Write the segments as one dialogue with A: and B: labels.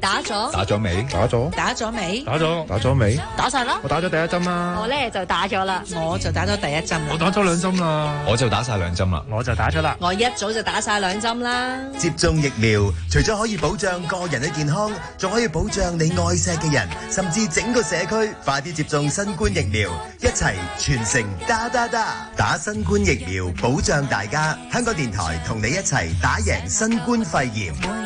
A: 打咗？打咗未？打咗？打咗未？
B: 打咗？打咗未？
A: 打晒啦！我打
B: 咗第一針啦。我
C: 呢
A: 就打咗啦，我就打咗第一針啦。我打咗兩針啦，
D: 我就打晒兩針啦，我就打咗啦。
A: 我一早就打晒兩針啦。
D: 接種疫苗，除咗可以保障個人嘅健康，仲可以保障你愛錫嘅人，甚至整個社區，快啲接種新冠疫苗，一齊全城！打，打打打，打新冠疫苗保障大家。香港電台同你一齊打贏新冠肺炎。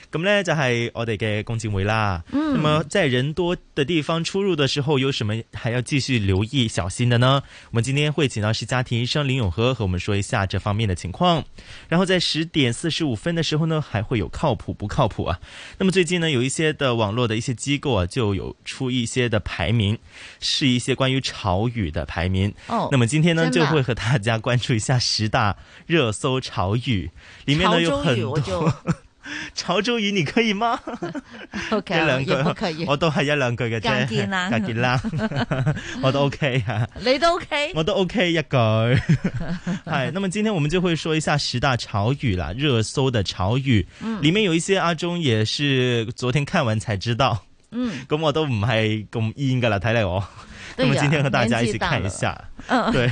E: 咁呢，就係我哋嘅龔展偉啦。嗯。那麼在人多的地方出入的時候，有什麼還要繼續留意小心的呢？我們今天會請到是家庭醫生林永和和我們說一下這方面的情況。然後在十點四十五分的時候呢，還會有靠普不靠普啊？那麼最近呢，有一些的網絡的一些機構啊，就有出一些的排名，是一些關於潮語的排名。哦。那麼今天呢，就會和大家關注一下十大熱搜潮語裏面呢有很多。 潮州語你可以嗎？
F: 一
A: 兩句 我都
E: 係一兩句嘅啫，啦， 我都 OK 吓，你都 OK，我都 OK 一句。係、 哎，那麼今天我們就會說一下十大潮語啦，熱搜的潮語、嗯，裏面有一些阿中也是昨天看完才知道，
F: 嗯，
E: 咁我都唔係咁癮噶啦，睇嚟我，咁啊，今天和大家一起看一下，嗯、啊、對。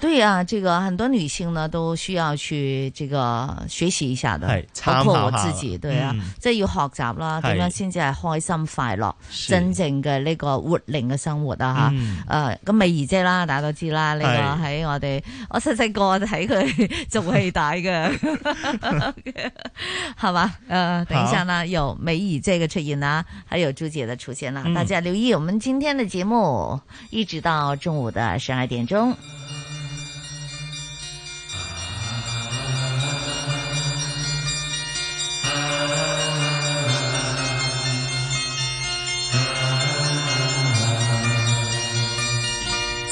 F: 對啊，這個很多女性呢都需要去這個學習一下的一下，包括我自己。對啊，即係、嗯、要學習啦，咁樣先至係開心快樂、真正嘅呢個活齡嘅生活啊？吓、嗯，誒、呃，咁美儀姐啦，大家都知啦，呢、這個喺我哋我細細個睇佢做戲帶嘅，係 嘛 Okay？ 誒、呃，等一下啦，有美儀姐嘅出現啦，還有朱姐嘅出現啦、嗯，大家留意我們今天嘅節目，一直到中午的十二點鐘。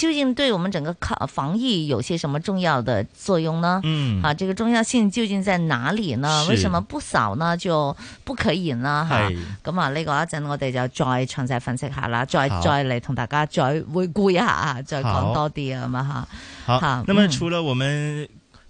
F: 究竟對我們整個抗防疫有些什麼重要的作用呢？嗯，啊，這個重要性究竟在哪裏呢？為什麼不掃呢？就不可以言啦，哈。咁啊，呢個一陣我哋就再詳細分析下啦，再再嚟同大家再回顧一下啊，再講多啲啊嘛，哈、嗯。好，那麼除了我們。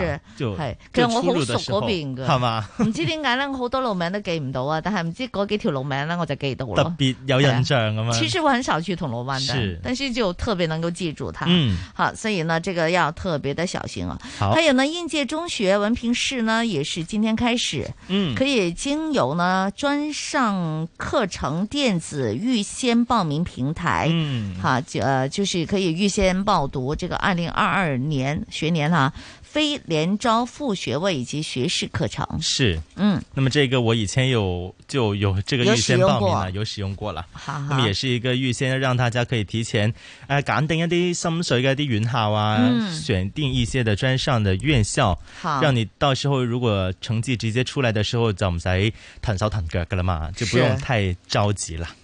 E: 係，其實我好熟嗰邊嘅，係嘛？
F: 唔 知點解咧，我好多路名都記唔到啊，但係唔知嗰幾條路名咧，我就記到咯。特別
E: 有印象啊嘛。其實我
F: 很少去銅鑼灣的，但是就特別能夠記住它。嗯，好，所以呢，這個要特別的小心啊。好，還有呢，應屆中學文憑試呢，也是今天開始，嗯，可以經由呢專上課程電子預先報名平台，嗯，好，就，呃、就是可以預先報讀這個二零二二年學年哈、啊非聯招副學位以及學士課程是，
E: 嗯，那麼這個我以前有就有這個預先報名了，有使用過，使用過了，好，好，那麼也是一個預先讓大家可以提前，誒、呃，揀定一啲心水嘅一啲院校啊、嗯，選定一些的專上的院校，好，讓你到時候如果成績直接出來的時候，咱們再坦掃坦格噶了嘛，就不用太着急了。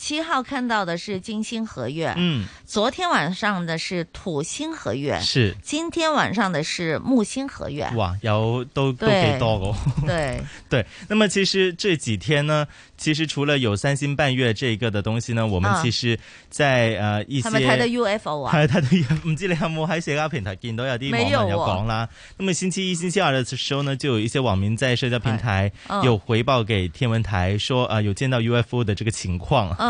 F: 七號看到的是金星合月，嗯，昨天晚上的是土星合月，是，今天晚上的是木星合月，
E: 哇，有都都給到哦， 對對，那麼其實這幾天呢，其實除了有三星伴月這一個的東西呢，我們其實在、啊、呃，意思，係咪睇到
F: UFO 啊？係睇到，
E: 唔知你有冇喺社交平台見到有啲網民有講啦？ 那麼星期一、星期二的時候呢，就有一些網民在社交平台有回報給天文台，嗯、說啊、呃，有見到 UFO 的這個情況。嗯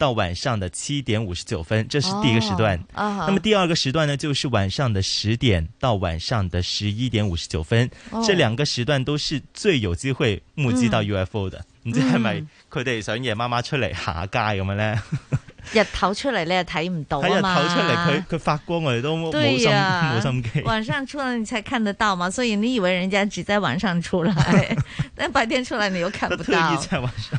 E: 到晚上的七點五十九分，這是第一個時段。啊、哦哦，那麼第二個時段呢，就是晚上的十點到晚上的十一點五十九分、哦。這兩個時段都是最有機會目擊到 UFO 的。你、嗯、知係咪佢哋想夜媽媽出嚟下街咁樣咧？嗯、
F: 日頭出嚟咧睇唔到啊嘛。日頭出嚟，佢
E: 佢發光，我哋都冇心冇、啊、心
G: 機。
F: 晚上出來你才看得到嘛？所以你以為人家只在晚上出來， 但白天出來你又看不到。他特意在晚上。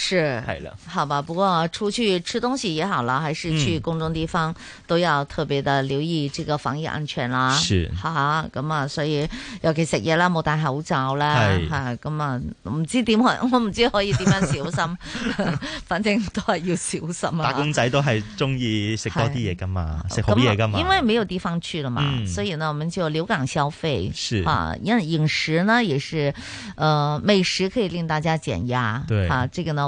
F: 是，係啦，好吧，不過出去吃東西也好啦，還是去公眾地方、嗯、都要特別的留意這個防疫安全啦。是，哈、啊，咁、嗯、啊，所以尤其食嘢啦，冇戴口罩啦，吓，咁啊，唔、嗯、知點可，我唔知可以點樣小心， 反正都係要小心啊。打工
E: 仔都係中意食多啲嘢噶嘛，食好嘢噶嘛、嗯，因為
F: 沒有地方去了嘛，所以呢，我們就留港消費，是啊，因為飲食呢也是，呃，美食可以令大家減壓，對啊，這個呢。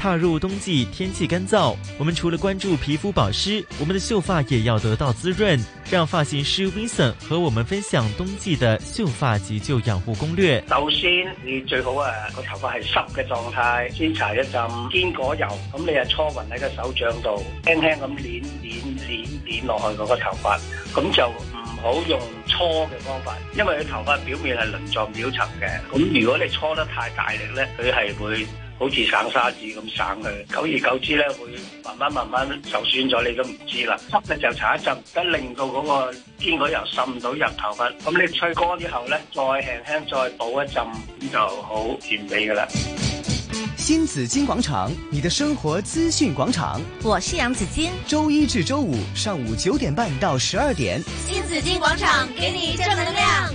E: 踏入冬季，天氣乾燥，我們除了關注皮膚保濕，我們的秀髮也要得到滋潤。讓髮型師 Wilson 和我們分享冬季的秀髮急救養護攻略。
B: 首先，你最好啊個頭髮係濕嘅狀態，先搽一浸堅果油，咁你就搓匀喺個手掌度，輕輕咁捻捻捻捻落去個頭髮，咁就唔好用搓嘅方法，因為佢頭髮表面係鱗狀表層嘅，咁如果你搓得太大力咧，佢係會。好似省沙紙咁省佢，久而久之咧會慢慢慢慢就損咗，你都唔知啦。一咧就搽一浸，得令到嗰、那個堅果油滲到入頭髮。咁你吹乾之後咧，再輕輕再補一浸就好完美噶啦。
D: 新紫荊廣場，你的生活資訊廣場，我是楊子矜。周一至周五上午九點半到十二點，
H: 新紫荊廣場給你正能量。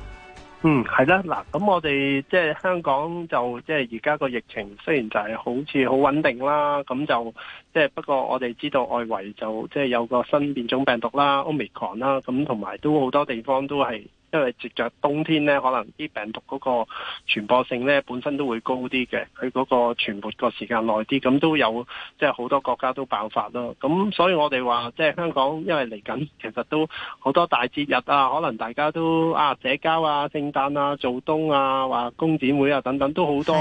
B: 嗯，係啦，嗱，咁我哋即係香港就即係而家個疫情雖然就係好似好穩定啦，咁就，即係不過我哋知道外圍就即係有個新變種病毒啦，Omicron 啦，咁同埋都好多地方都係。因為接着冬天咧，可能啲病毒嗰個傳播性咧本身都會高啲嘅，佢嗰個傳播個時間耐啲，咁都有，即係好多國家都爆發咯。咁所以我哋話，即係香港，因為嚟緊其實都好多大節日啊，可能大家都啊社交啊、聖誕啊、做冬啊、話工展會啊等等都好多，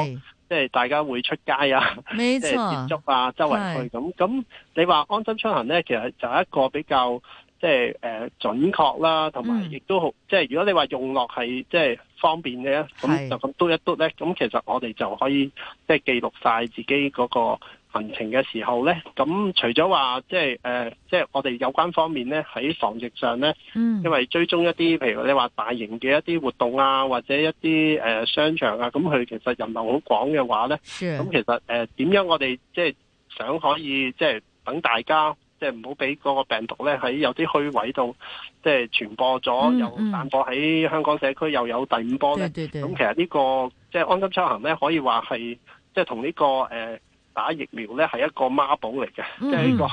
B: 即係大家會出街啊，即係接觸啊，周圍去咁。咁你話安心出行咧，其實就一個比較。即係誒、呃、準確啦，同埋亦都好。嗯、即係如果你話用落係即係方便嘅，咁就咁篤一篤咧。咁其實我哋就可以即係記錄晒自己嗰個行程嘅時候咧。咁除咗話即係誒，即係、呃、我哋有關方面咧喺防疫上咧、嗯，因為追蹤一啲，譬如你話大型嘅一啲活動啊，或者一啲誒、呃、商場啊，咁佢其實人流好廣嘅話咧，咁其實誒點、呃、樣我哋即係想可以即係等大家。即係唔好俾個病毒咧喺有啲虛位度，即係傳播咗、嗯嗯，又散播喺香港社區又有第五波嘅。咁其實呢、呢個即係、就是、安心出行咧，可以話係即係同呢個誒。呃打疫苗咧係一個孖寶嚟嘅，嗯，即係呢個呢、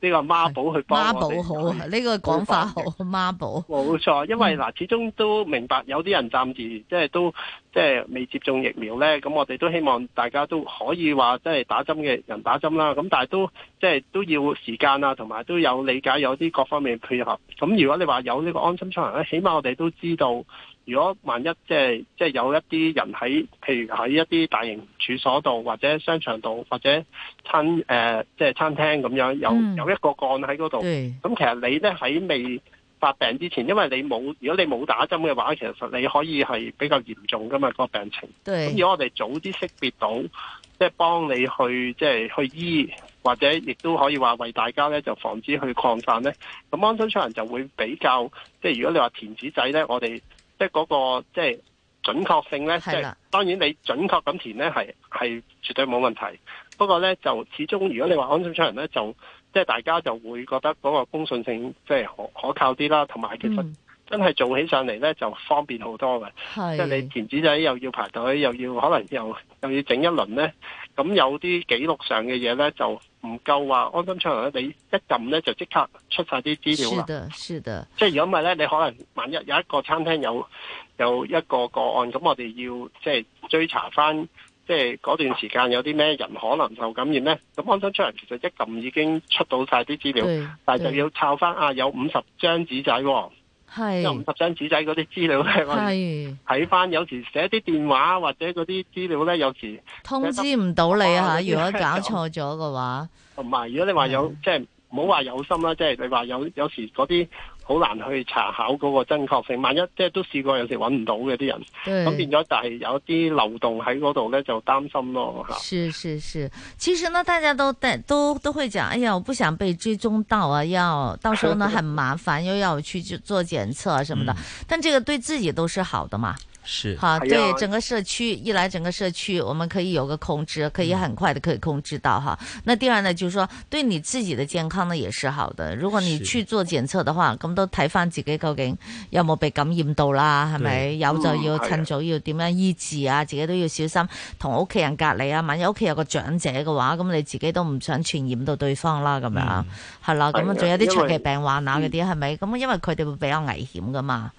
B: 呢個孖寶去幫我哋。孖寶
F: 好啊，呢、呢個講法好，
B: 孖寶。冇錯，因為嗱、嗯，始終都明白有啲人暫時即係都即係未接種疫苗咧，咁我哋都希望大家都可以話即係打針嘅人打針啦，咁但係都即係都要時間啦，同埋都有理解有啲各方面配合。咁如果你話有呢個安心出行咧，起碼我哋都知道。如果萬一即係即係有一啲人喺，譬如喺一啲大型處所度，或者商場度，或者餐誒即係餐廳咁樣，有、嗯、有一個個案喺嗰度，咁其實你咧喺未發病之前，因為你冇如果你冇打針嘅話，其實你可以係比較嚴重噶嘛、個病情。咁如果我哋早啲識別到，即、就、係、是、幫你去即係、就是、去醫，或者亦都可以話為大家咧就防止去擴散咧，咁安心出行就會比較即係、就是、如果你話田子仔咧，我哋。即係嗰個即係準確性咧，即係當然你準確咁填咧，係、係絕對冇問題。不過咧，就始終如果你話安心出人咧，就即係大家就會覺得嗰個公信性即係可可靠啲啦。同埋其實真係做起上嚟咧，就方便好多嘅。即係，嗯，你填紙仔又要排隊，又要可能又又要整一輪咧。咁有啲記錄上嘅嘢咧，就唔夠話、啊、安心出行。你一撳咧就即刻出晒啲資料啦。
F: 係，係。
B: 即係如果唔係咧，你可能萬一有一個餐廳有有一個個案，咁我哋要即係追查翻，即係嗰段時間有啲咩人可能受感染咧。咁安心出行，其實一撳已經出到晒啲資料，但就要抄翻啊有五十張紙仔。係又唔十張紙仔嗰啲資料咧，我睇翻有時寫啲電話或者嗰啲資料咧，有時通知唔到你啊吓！如果搞錯
F: 咗嘅話，
B: 唔係，如果你話有即係唔好話有心啦，即係你話有有,有時嗰啲。好難去查考嗰個真確性，萬一即係都試過有時揾唔到嘅啲人，咁變咗就係有一啲漏洞喺嗰度咧，就擔心咯，是
F: 是是，其實呢，大家都都都會講，哎呀，我不想被追蹤到啊，要到時候呢很麻煩， 又要去做檢測啊什麼的，但這個對自己都是好的嘛。
G: 是，好對、哎、整
F: 個社區，一來整個社區我們可以有個控制，可以很快的可以控制到哈。嗯、那第二呢，就是說對你自己的健康呢也是好的。如果你去做檢測的話，咁都睇返自己究竟有冇被感染到啦，係咪？有就要趁早、嗯、要點樣醫治啊、嗯？自己都要小心同屋企人隔離啊。萬一屋企有個長者嘅話，咁你自己都唔想傳染到對方啦。咁樣係啦，咁啊仲有啲長期病患啊嗰啲係咪？咁、嗯、因為佢哋會比較危險噶嘛。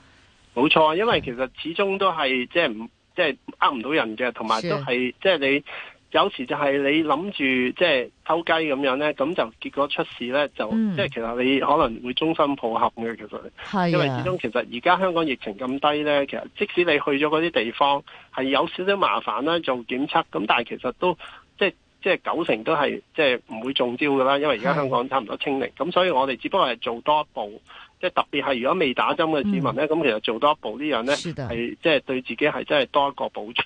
B: 冇錯，因為其實始終都係即係唔即係呃唔到人嘅，同埋都係即係你有時就係你諗住即係偷雞咁樣咧，咁就結果出事咧就、嗯、即係其實你可能會終身抱憾嘅。其實你，
G: 因為始終其
B: 實而家香港疫情咁低咧，其實即使你去咗嗰啲地方係有少少麻煩啦做檢測，咁但係其實都即係即係九成都係即係唔會中招噶啦，因為而家香港差唔多清零，咁所以我哋只不過係做多一步。即係特別係如果未打針嘅市民咧，咁、嗯、其實做多一步這呢樣咧，係即係對自己係真係多一個保障。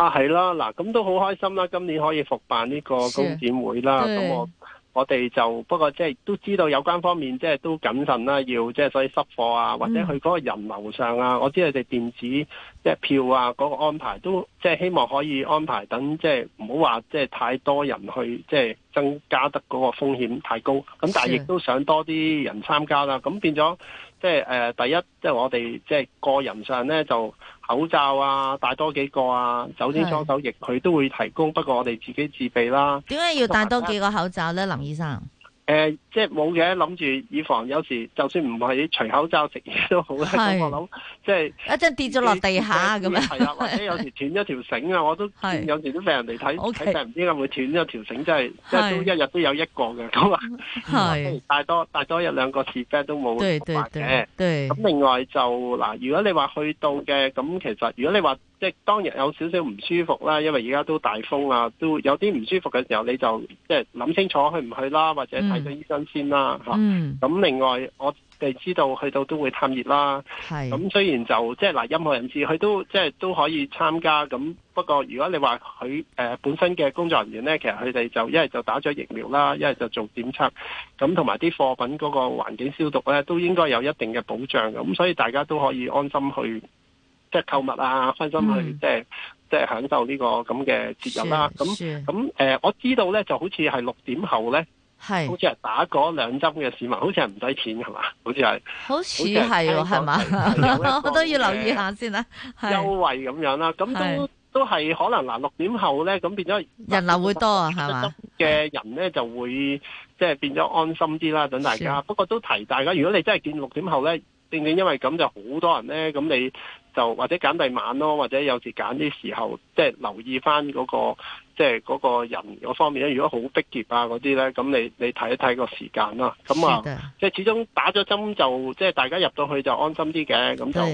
B: 啊，係啦，嗱，咁都好開心啦，今年可以復辦呢個工展會啦。咁我我哋就不過即係都知道有關方面即係都謹慎啦，要即係所以失貨啊，或者去嗰個人流上啊，嗯、我知你哋電子即係票啊嗰個安排都即係希望可以安排等即係唔好話即係太多人去即係增加得嗰個風險太高。咁但係亦都想多啲人參加啦。咁變咗。即係誒，呃，第一即係我哋即係個人上咧，就口罩啊，戴多幾個啊，酒精搓手液佢都會提供，不過我哋自己自備啦。點
F: 解要戴多幾個口罩咧，林醫生？
B: 誒、呃，即係冇嘅，諗住以防有時就算唔係除口罩食嘢，都好啦。我
F: 諗即係一陣跌咗落地下咁樣。係或
B: 者有時斷咗條繩啊，我都有時都俾人哋睇睇病，唔、okay, 知點解會斷咗條繩，真、就、係、是、即係都一日都有一個嘅咁啊。係、嗯，但多大多一兩個事都冇白嘅。咁另外就嗱，如果你話去到嘅，咁其實如果你話。即係當日有少少唔舒服啦，因為而家都大風啊，都有啲唔舒服嘅時候，你就即係諗清楚去唔去啦，或者睇咗醫生先啦嚇。咁、嗯啊、另外我哋知道去到都會探熱啦，咁雖然就即係嗱，任何人知佢都即係、就是、都可以參加。咁不過如果你話佢、呃、本身嘅工作人員呢，其實佢哋就一係就打咗疫苗啦，一係就做檢測，咁同埋啲貨品嗰個環境消毒呢，都應該有一定嘅保障嘅。咁所以大家都可以安心去。即係購物啊，分心去、啊嗯，即係即係享受呢個咁嘅節日啦、啊。咁咁誒，我知道咧，就好似係六點後咧，好似係打嗰兩針嘅市民，好似係唔使錢，係嘛？好似係好似係喎，係嘛？ 我都要留意下
F: 先啦。優
B: 惠咁樣啦、啊，咁都都係可能嗱、啊，六點後咧，咁變咗
F: 人流會多啊，係嘛？
B: 嘅人咧就會即係、就是、變咗安心啲啦，等大家。不過都提大家，如果你真係見六點後咧，正正因為咁就好多人咧，咁你。就，或者揀第晚咯，或者有時揀啲時候，即係留意翻嗰個。即係嗰個人嗰方面咧，如果好逼傑啊嗰啲咧，咁你你睇一睇個時間啦。咁啊，即係始終打咗針就即係大家入到去就安心啲嘅，咁就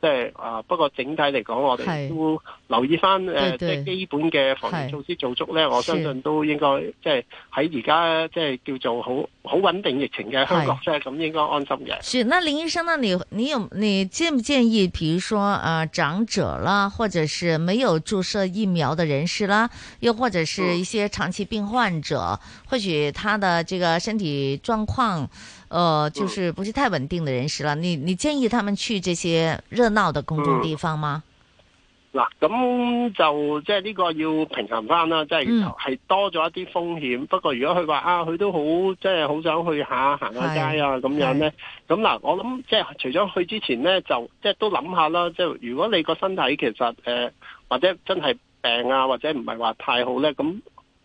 B: 即係啊。不過整體嚟講，我哋都留意翻誒，即係、呃、基本嘅防疫措施做足咧，我相信都應該即係喺而家即係叫做好好穩定疫情嘅香港啫，咁應該安心嘅。是。
F: 那林醫生呢？你你有你建唔建議，譬如說啊、呃，長者啦，或者是沒有注射疫苗嘅人士啦，有。或者是一些長期病患者，嗯、或許他的這個身體狀況，呃，就是不是太穩定的人士啦。你你建議他們去這些熱鬧的公眾地方嗎？
B: 嗱、嗯，咁、嗯、就即係呢個要平衡翻啦，即係係多咗一啲風險、嗯。不過如果佢話啊，佢都好即係好想去下行下街啊咁樣呢。咁嗱、嗯，我諗即係除咗去之前呢，就即係、就是、都諗下啦。即係如果你個身體其實誒、呃，或者真係。病啊，或者唔係話太好呢。咁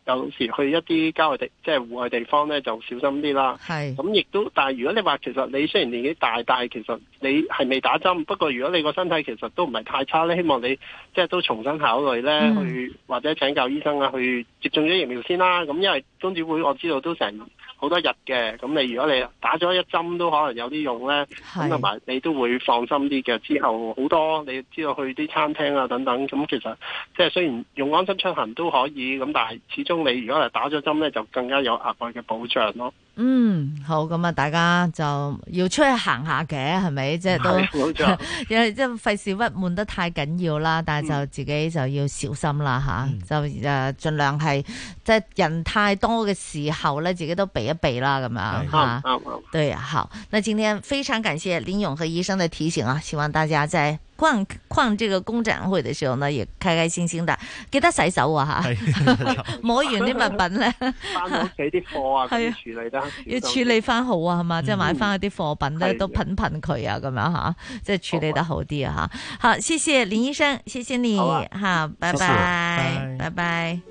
B: 有時去一啲郊外地，即係戶外地方呢，就小心啲啦。係。咁亦都，但係如果你話其實你雖然年紀大，但係其實你係未打針，不過如果你個身體其實都唔係太差呢，希望你即係、就是、都重新考慮呢，嗯、去或者請教醫生啊，去接種咗疫苗先啦。咁因為公衆會我知道都成。好多日嘅，咁你如果你打咗一針都可能有啲用咧，咁同埋你都會放心啲嘅。之後好多你知道去啲餐廳啊等等，咁其實即係、就是、雖然用安心出行都可以，咁但係始終你如果係打咗針咧，就更加有額外嘅保障咯。
F: 嗯，好，咁啊，大家就要出去行下嘅，係咪？即係都，因為即係費事鬱悶得太緊要啦，但係就自己就要小心啦，吓、嗯啊，就誒盡量係即係人太多嘅時候咧，自己都避一避啦，咁樣吓。對，好。那今天非常感謝林永和醫生嘅提醒啊，希望大家在、就是。逛逛這個工展會的時候呢，也開開心心的，記得洗手啊吓， 摸完啲物品咧，翻屋企啲貨 啊，要
I: 處理啦，要處
F: 理翻好啊，係、嗯、嘛，即係買翻一啲貨品咧，都噴噴佢啊，咁樣吓，即係、就是、處理得好啲啊吓。好，謝謝林醫生，謝謝你，好、啊拜拜謝謝，拜拜，拜拜。Bye 拜拜。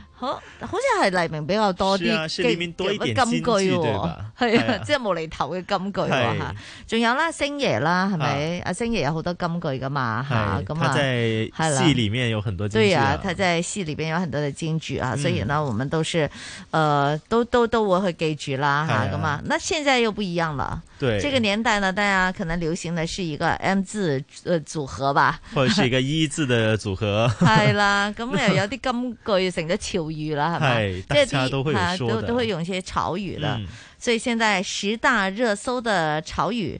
F: 好、哦，好似係黎明比較多啲啲金句，係啊，即係、哦啊啊啊、無厘頭嘅金句吓、哦。仲、啊、有啦，星爺啦，係咪？阿、啊啊、星爺有好多金句噶嘛吓，咁啊，啊係啦。戲裏
E: 面有很多啊啊對啊，佢
F: 在戲裏邊有很多嘅金句啊、嗯，所以呢，我們都是，誒、呃，都都都，都我會記住啦吓，咁啊，啊。那現在又不一樣了。對這個年代呢，大家可能流行的是一個 “M” 字呃組合吧，或者是一個
E: “E” 字的組合。
F: 係 啦，咁啊有啲金句成咗潮語啦，係 嘛、 哎？大家都會有說的，啊、都都會用一些潮語的、嗯。所以現在十大熱搜的潮語。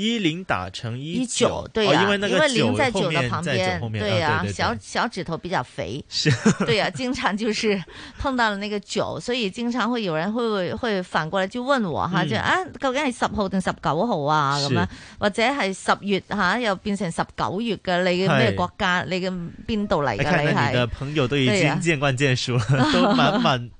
E: 一零打成一九，一九對呀、啊哦，因為零在九的旁邊，對呀、啊啊，小
F: 小指頭比較肥，是，對呀、啊，經常就是碰到了那個九， 所以經常會有人會會反過來就問我哈，就、嗯、啊，究竟係十號定十九號啊？咁樣，或者係十月哈、啊，又變成十九月噶？你嘅咩國家？你嘅邊度嚟噶？你係？你
E: 朋友都已經見慣見熟了、啊，都滿滿。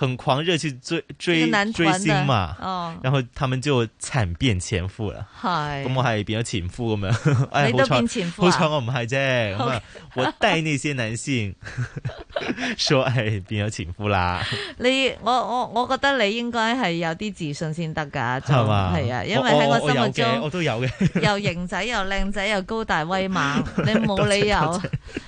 E: 很狂熱去追追追星嘛，然後他們就慘變前夫啦。
G: 係，我冇係
E: 變咗前夫，我你都變前夫？好彩我唔係啫。咁啊，哎、我帶、okay. 那些男性 說比較，說係變咗前夫啦。
F: 你我我我覺得你應該係有啲自信先得噶，係嘛？係啊，因為喺我心目中我，我，有我都有嘅，又型仔又靚仔又高大威猛， 你冇理由，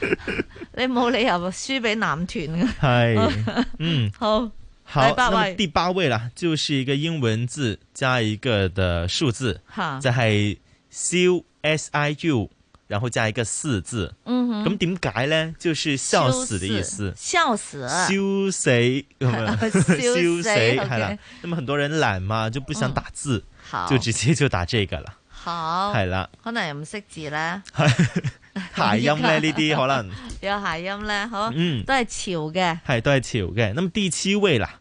F: 你冇理由輸俾男團嘅。係，嗯，好。好，那麼
E: 第八位啦，就是一個英文字加一個的數字，就係 c u -S, s i u，然後加一個四字，咁點解咧？就是笑死的意思，笑死，笑死咁樣，笑死，好啦。咁啊，嗯、那麼很多人懶嘛，就不想打字，嗯、就直接就打這個啦，好，係啦，
F: 可能又唔識字咧，諧 音咧呢啲可能有諧音咧呢，嗬， 嗯，都係潮
E: 嘅，係都係潮嘅。咁第七位啦。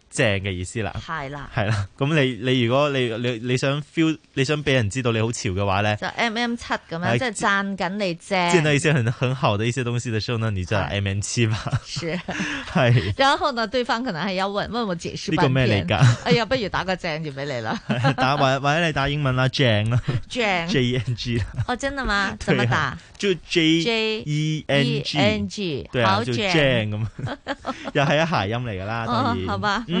E: 正嘅意思了是啦，係啦，係啦。咁你你如果你你你想 feel，你想俾人知道你好潮嘅話咧，就
F: M M 七咁樣，即係讚緊你正。見到
E: 一些很很好的一些東西嘅時候呢，你就 M M 七嘛。是，
F: 係。 然後呢，對方可能還要問問我解釋半。呢、這個咩嚟噶？ 哎呀，不如打個正字俾你啦， 打或
E: 者你打英文啦，正啦，正 J N G 哦
F: ，oh, 真啊嘛，點
E: 樣打？就 J J E N G，好正咁又係一諧音嚟噶啦，可、oh, 好吧。嗯。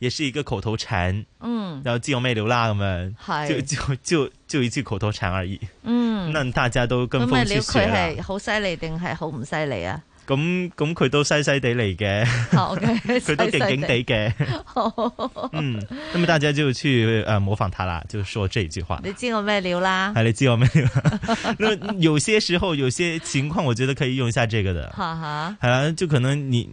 E: 也是一個口頭禪，嗯，然後自有魅力，“知我咩料啦。咁樣，就就就就一句口頭禪而已，
F: 嗯。
E: 那大家都跟風去學了還、嗯嗯、塞塞的
F: 的好犀利定係好唔犀利啊？
E: 咁、okay, 咁，佢都犀犀地嚟嘅，
F: 佢都勁勁地嘅。
E: 好，嗯，那、嗯、麼大家就去呃模仿他啦，就說這一句話。你
F: 知我咩料啦？
E: 係、嗯、你知我咩料？那 有些時候，有些情況，我覺得可以用一下這個的。哈哈。啊，就可能你。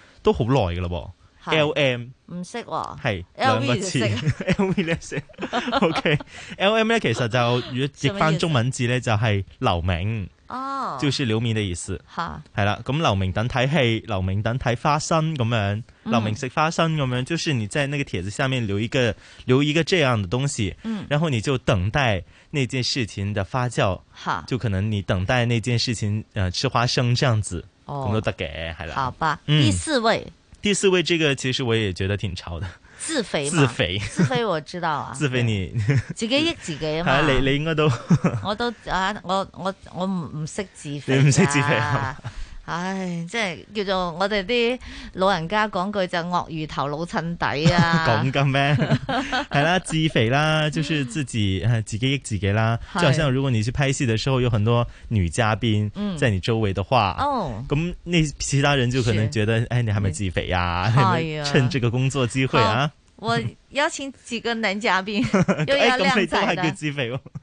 E: 都好耐噶啦，L M
F: 唔識喎、哦，係兩個字，L M 咧
E: OK，L M 咧其實就如果直翻中文字咧就係留名哦，就是留名的意思吓，係啦，咁留名等睇戲，留名等睇花生咁樣，留名食花生咁樣，就是你在那個帖子下面留一個留一個這樣的東西，嗯，然後你就等待那件事情的發酵，哈，就可能你等待那件事情，誒、呃，吃花生這樣子。咁都得嘅，好、哦、了。好吧、嗯，第四位。第四位，這個其實我也覺得挺潮的自。自肥，自肥，自肥，
F: 我知道啊。自
E: 肥你？
F: 自己益自己啊嘛。你你，你，你
E: 應該都。
F: 我都啊，我我我唔唔識自肥啊。你唔識自肥啊？ 唉、哎，即係叫做我哋啲老人家講句就鱷魚頭老襯底啊！講
E: 緊咩？係 啦，自肥啦，就是自己自己益自己啦、嗯。就好像如果你去拍戲的時候，有很多女嘉賓在你周圍的話，咁、嗯哦、那其他人就可能覺得，哎，你係咪自肥呀、啊？嗯、係咪趁這個工作機會啊！嗯哦
F: 我邀請幾個男嘉賓，又要靚仔的， 哎啊、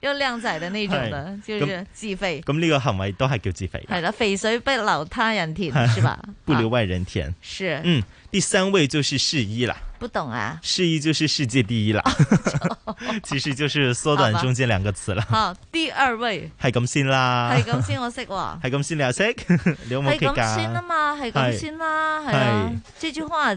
F: 又靚仔的那種的， 就是自肥。
E: 咁呢個行為都係叫自肥？
F: 係、嗯、 這樣 啦，肥水不流他人田，是吧？不留
E: 外人田。是。嗯，第三位就是世一啦。不懂啊。世一就是世界第一啦， 其實就是縮短中間兩個詞啦。
F: 好，第二位。
E: 係咁先啦。係咁先，
F: 我識喎。
E: 係咁先，你又識？有係咁先啊嘛，係咁先
F: 啦，係話。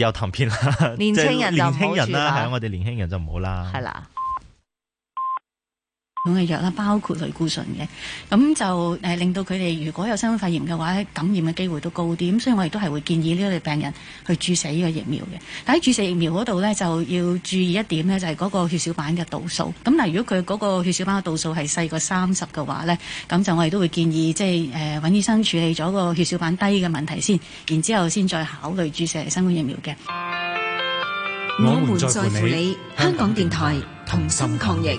E: 有氹片啦，年輕人，年輕人啦，係我哋年輕人就唔好啦，
J: 係 啦、啊。款嘅藥啦，包括類固醇嘅，咁就誒令到佢哋如果有新冠肺炎嘅話，感染嘅機會都高啲。咁所以我亦都係會建議呢類病人去注射呢個疫苗嘅。但喺注射疫苗嗰度咧，就要注意一點咧，就係嗰個血小板嘅度數。咁嗱，如果佢嗰個血小板嘅度數係細過三十嘅話咧，咁就我亦都會建議即係誒揾醫生處理咗個血小板低嘅問題先，然之後先再考慮注射新冠疫苗嘅。
G: 我們在乎你，香港電台
J: 同心抗疫。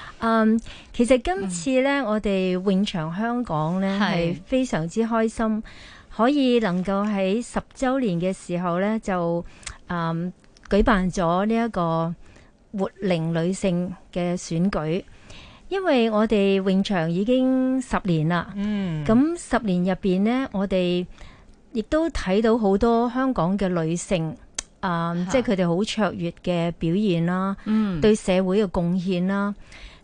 K: 嗯、um，其實今次咧、嗯，我哋詠翔香港咧係非常之開心，可以能夠喺十週年嘅時候咧，就嗯舉辦咗呢一個活齡女性嘅選舉，因為我哋詠翔已經十年啦。嗯，咁十年入邊呢，我哋亦都睇到好多香港嘅女性啊、嗯嗯，即係佢哋好卓越嘅表現啦，嗯，對社會嘅貢獻啦。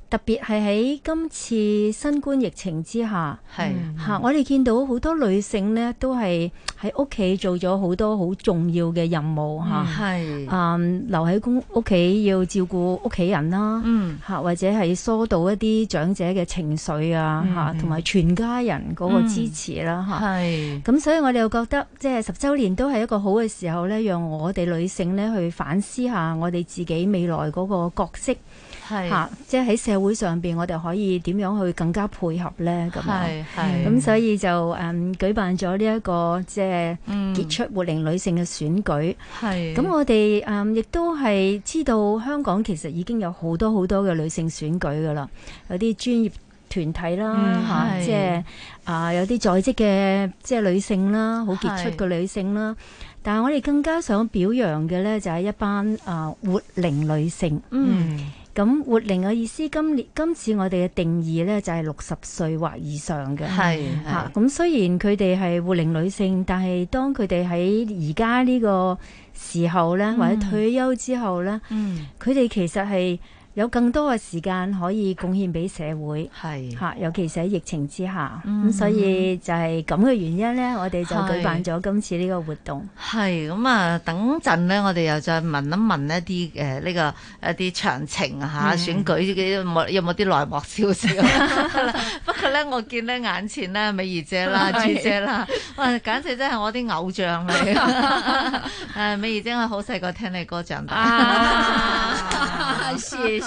K: 特別係喺今次新冠疫情之下，係嚇、嗯，我哋見到好多女性咧，都係喺屋企做咗好多好重要嘅任務嚇，係嗯，嗯留喺公屋企要照顧屋企人啦，嗯嚇，或者係疏導一啲長者嘅情緒啊嚇，同埋、嗯、全家人嗰個支持啦嚇，係咁、嗯，所以我哋又覺得即係十週年都係一個好嘅時候咧，讓我哋女性咧去反思下我哋自己未來嗰個角色。係、啊、即係喺社會上邊，我哋可以點樣去更加配合呢？咁啊，係咁、嗯、所以就誒、嗯、舉辦咗呢一個即係傑出活齡女性嘅選舉。
G: 係。咁
K: 我哋誒、嗯、亦都係知道香港其實已經有好多好多嘅女性選舉噶啦，有啲專業團體啦嚇、嗯啊，即係啊有啲在職嘅即係女性啦，好傑出嘅女性啦。但係我哋更加想表揚嘅呢，就係、是、一班啊、呃、活齡女性。嗯。咁活齡嘅意思，今年今次我哋嘅定義咧就係六十歲或以上嘅。係吓，咁、啊、雖然佢哋係活齡女性，但係當佢哋喺而家呢個時候咧、嗯，或者退休之後咧，佢、嗯、哋其實係，有更多嘅時間可以貢獻俾社會，係嚇、啊，尤其是喺疫情之下，
F: 咁、嗯、所以就係咁嘅原因咧，我哋就舉辦咗今次呢個活動。係咁、呃這個、啊，等陣咧，我哋又再問一問一啲誒呢個一啲詳情嚇，選舉有冇啲內幕少少？ 不過咧，我見咧眼前咧，美儀姐啦，朱姐啦，哇，簡直真係我啲偶像嚟嘅、 啊。美儀姐，我好細個聽你歌唱。啊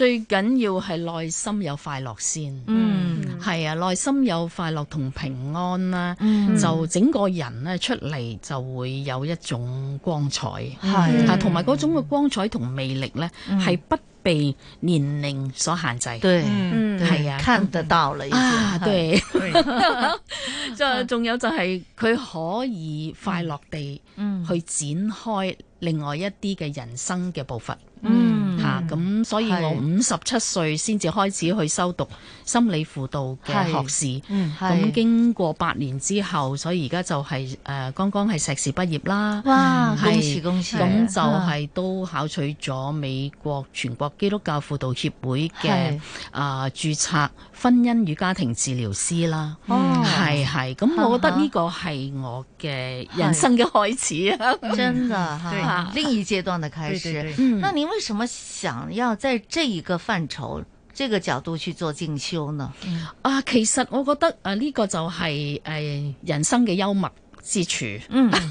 J: 最緊要係內心有快樂先，嗯，係啊，內心有快樂同平安啦、嗯，就整個人咧出嚟就會有一種光彩，係、嗯、啊，同埋嗰種嘅光彩同魅力咧，係不被年齡所限制，對、嗯，係啊，看得到啦，啊，對，就仲、啊啊、 有就係佢可以快樂地去展開另外一啲嘅人生嘅步伐，嗯。咁、嗯、所以我五十七歲先至開始去修讀心理輔導嘅學士，咁、嗯、經過八年之後，所以而家就係誒剛剛係碩士畢業啦。哇，嗯、恭喜恭喜！咁就係都考取咗美國全國基督教輔導協會嘅啊注冊婚姻與家庭治療師啦。哦，係係，咁我覺得呢個係我嘅人生嘅開始哈哈 的啊！真的吓，另一
F: 階段嘅開始，對對對。嗯，那你為什麼？想要在這一個範疇、這個角
J: 度去做進修呢、嗯？啊，其實我覺得啊，呢、這個就係、是、誒、啊、人生嘅幽默之處。嗯，啊、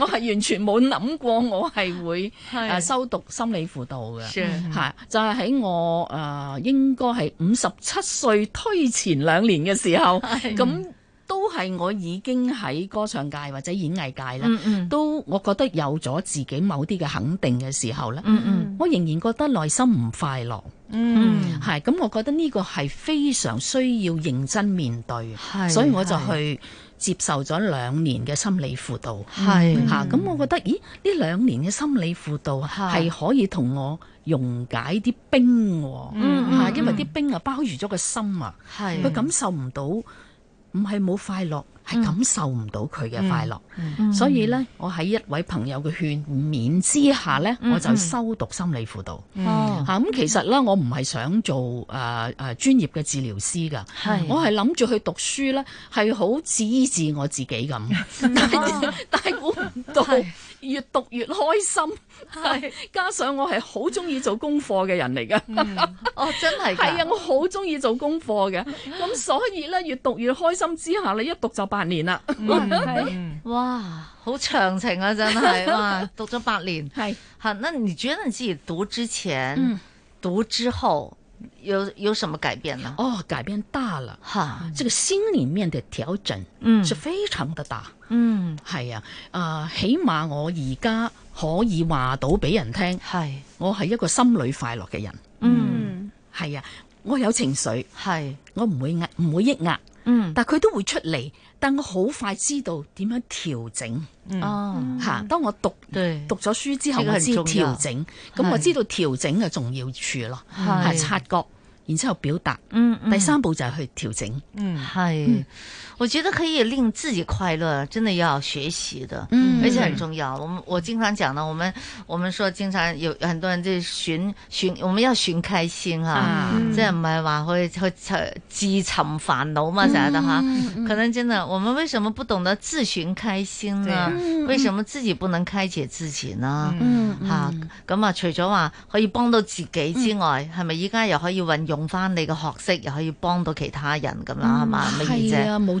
J: 我係完全冇諗過我係會誒、啊、修讀心理輔導嘅。係就係、是、喺我誒、啊、應該係五十七歲推前兩年嘅時候咁。都係我已經喺歌唱界或者演藝界咧、嗯嗯，都我覺得有咗自己某啲嘅肯定嘅時候咧、嗯嗯，我仍然覺得內心唔快樂，係、嗯、咁，我覺得呢個係非常需要認真面對，所以我就去接受咗兩年嘅心理輔導，係吓。咁、嗯、我覺得，咦？呢兩年嘅心理輔導係可以同我溶解啲冰，係、嗯嗯、因為啲冰啊包住咗個心啊，佢感受唔到。唔係，冇快樂。係感受唔到佢嘅快樂，嗯嗯、所以咧，我喺一位朋友嘅勸勉，勉之下咧、嗯嗯，我就修讀心理輔導。嚇、嗯、咁、嗯、其實咧，我唔係想做誒誒、呃呃、專業嘅治療師㗎，我係諗住去讀書咧，係好治治我自己咁。但係估唔到越讀越開心，係加上我係好中意做功課嘅人嚟㗎。哦，真係係啊！我好中意做功課嘅，咁 所以咧，越讀越開心之下，你一讀就八年啦，
F: 哇，好長情啊，真係哇，
J: 讀咗八年，
F: 係、啊，那你覺得你自己讀之前、嗯、讀之後有
J: 有什麼改變呢？哦，改變大了，哈，這個心裏面的調整，嗯，是非常的大，嗯，係啊，啊、呃，起碼我而家可以話到俾人聽，係，我係一個心裏快樂嘅人，嗯，係啊，我有情緒，係，我唔會壓，唔會抑壓，嗯，但佢都會出嚟。但我好快知道點樣調整，嚇、嗯嗯！當我讀讀咗書之後，我先知道調整，咁我知道調整嘅重要處咯，係察覺，然之後表達、嗯嗯，第三步就係去調整，嗯，係。嗯我覺得可以令
F: 自己快樂，真的要學習的，嗯嗯，而且很重要。我們我經常講呢，我們我們說經常有很多人就尋尋，我們要尋開心啊，啊、嗯、即係唔係話去去自尋煩惱嘛，成日都吓，嗯嗯，可能真的，我們為什麼不懂得自尋開心呢？為什麼自己不能開解自己呢？嗯，吓，咁啊，嗯嗯嗯嗯、那麼除咗話可以幫到自己之外，係咪依家又可以運用
J: 翻你嘅學識，又可以幫到其他人咁樣係嘛？係、嗯、啊，冇。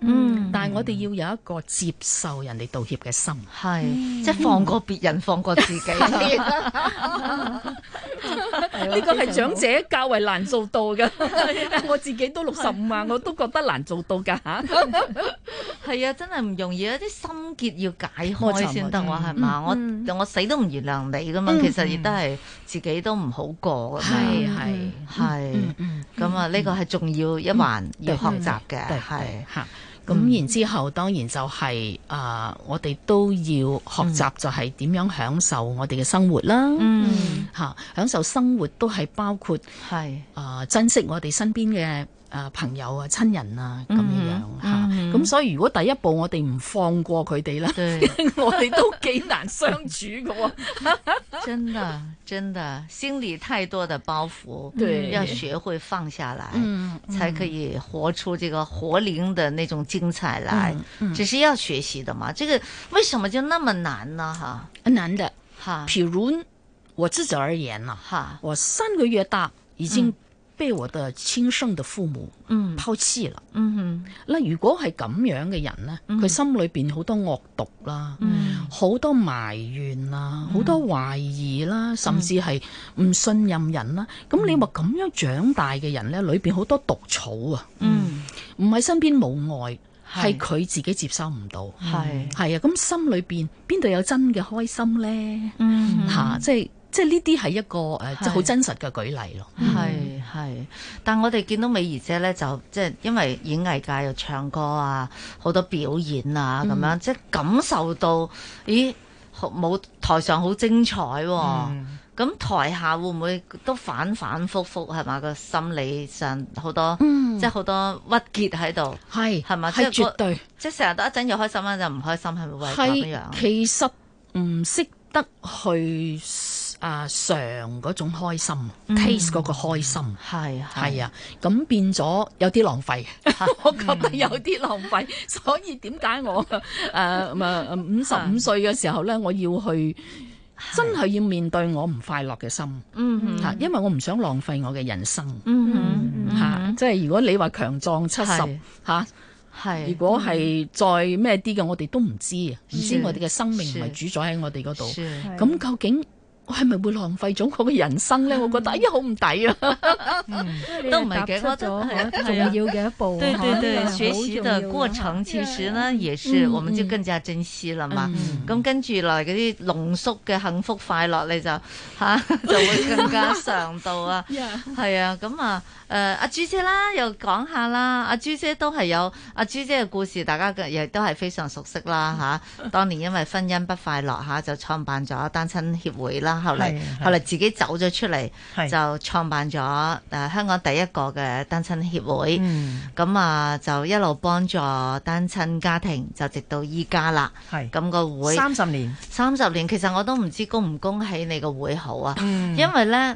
J: 嗯，但係我哋要有一個接受人哋道歉嘅心，係、嗯、即係放過別人、嗯，放過自己。
G: 呢個係長者
J: 較為難做到噶。 我自己都六十五啊，我都覺得難做到噶吓。
F: 係 啊，真係唔容易啊！啲心結要解開先得喎，係嘛、嗯？我、嗯、我死都唔原諒你噶嘛、嗯。其實亦都係自己都唔好過。係係係，
J: 咁啊，呢個係重要一環、嗯、要學習嘅，係吓。咁、嗯、然之後，當然就係、是、啊、呃，我哋都要學習就係點樣享受我哋嘅生活啦。嗯，吓，享受生活都係包括係啊、呃，珍惜我哋身邊嘅啊，朋友啊，親人啊，咁樣樣嚇，咁、嗯啊嗯，所以如果第一步我哋唔放過佢哋啦， 我哋都幾難相處
F: 喎，啊。 真的真的，心裡太多的包袱，對，要學會放下來，嗯，才可以活出這個活齡的那種精彩來。只、嗯嗯、是要學習的嘛？這個為什麼就那麼難呢？哈，
J: 難的哈。譬如我自己而言啦，哈，我三個月大已經、嗯。被我的親生的父母拋棄，嗯，拋棄啦。嗱，如果係咁樣嘅人咧，佢、嗯、心裏邊好多惡毒啦，好、嗯、多埋怨啊，好、嗯、多懷疑啦、嗯，甚至係唔信任人啦。咁、嗯、你咪咁樣長大嘅人咧、嗯，裏邊好多毒草啊。嗯，唔係身邊冇愛，係佢自己接收唔到。係係啊，咁心裏邊邊度有真嘅開心咧？吓，即係即係呢啲係一個誒，即係好真實嘅舉例咯。係。嗯
F: 係，但我哋見到美儀姐咧，就即係因為演藝界又唱歌啊，好多表演啊咁、嗯、樣，即係感受到，咦，舞台上好精彩喎、啊，咁、嗯、台下會唔會都反反覆覆係嘛？個心理上好多，即係好多鬱結喺度，係係咪？即係絕對，即係成日都一陣要開心啊就唔開心，係咪咁樣？其
J: 實唔識得去。阿常嗰種開心、嗯、taste 嗰個開心係係啊，咁變咗有啲浪費， 我覺得有啲浪費， 所以點解我誒五十五歲嘅時候呢？我要去真係要面對我唔快樂嘅心，吓，因為我唔想浪費我嘅人生，吓、嗯嗯，即係如果你話強壯七十吓，係、啊、如果係再咩啲嘅，我哋都唔知，唔知我哋嘅生命唔係主宰喺我哋嗰度，咁究竟，.我係咪會浪費咗我嘅人生咧？我覺得哎呀好唔抵啊！
F: 都唔係嘅，錯咗，重要嘅一步 對對對啊？對對對，開始的
J: 過程其
F: 實呢，也是、嗯、我們就更加珍惜啦嘛。咁、嗯、跟住來嗰啲濃縮嘅幸福快樂，你就吓、嗯啊、就會更加嘗到啊！係、 嗯、啊，咁啊。誒、呃，阿、啊、朱姐啦，又講下啦。阿、啊、朱姐都係有阿朱、啊、姐嘅故事，大家嘅亦都係非常熟悉啦。吓， 當年因為婚姻不快樂吓、啊，就創辦咗單親協會啦。後嚟，是是是後嚟自己走咗出嚟，是是就創辦咗誒、啊、香港第一個嘅單親協會。咁、嗯、啊，就一路幫助單親家庭，就直到依家啦。係咁個會三十年，三十年，其實我都唔知恭唔恭喜你個會好啊。
G: 嗯、因
F: 為呢。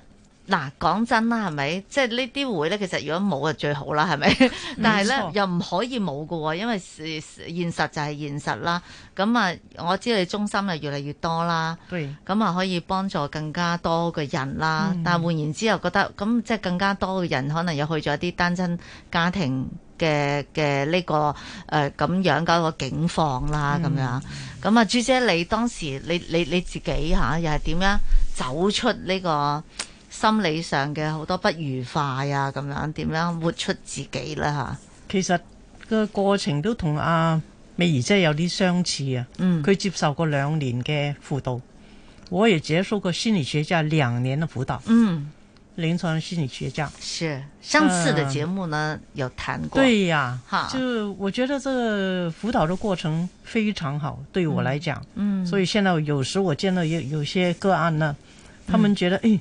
F: 嗱，講真啦，係咪？即係呢啲會咧，其實如果冇就最好啦，係咪？但係咧又唔可以冇喎，因為現係現實就係現實啦。咁啊，我知道你中心啊越嚟越多啦，咁啊可以幫助更加多嘅人啦、嗯。但係換言之又覺得咁，即係更加多嘅人可能又去咗一啲單親家庭嘅嘅呢個誒咁、呃、樣嗰個境況啦，咁樣咁、嗯、啊，朱姐，你當時你你你自己嚇、啊、又係點樣走出呢、呢個？心理上嘅好多不愉快
A: 啊，咁樣點樣活出自己啦？吓，其實這個過程都同阿、啊、美儀姐有啲相似啊。嗯，佢接受過兩年嘅輔導，我也接受過心理學家兩年嘅輔導。嗯，臨床心理學家是上次的節目呢，啊、有談過。對呀、啊、哈，就我覺得，這個輔導的過程非常好，對我來講，嗯，所以現在有時候我見到有有些個案呢，他們覺得誒。嗯哎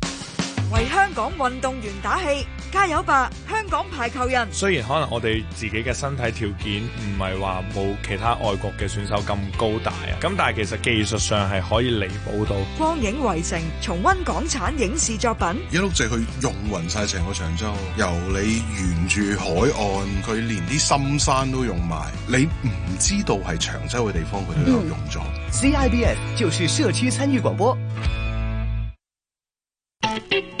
H: 為
J: 香港運動員打氣，加油吧，香港排球人！
L: 雖然可能我哋自己嘅身體條件唔係話冇其他外國嘅選手咁高大啊，咁但係其實技術上係可以彌補到。
J: 光影圍城，重溫港產影視作品。一
L: 碌借佢用匀晒成個長洲，由你沿住海岸，佢連啲
D: 深山都用埋，你唔知道係長洲嘅地方佢都有用咗、嗯。CIBS 就是社區參與廣播。嗯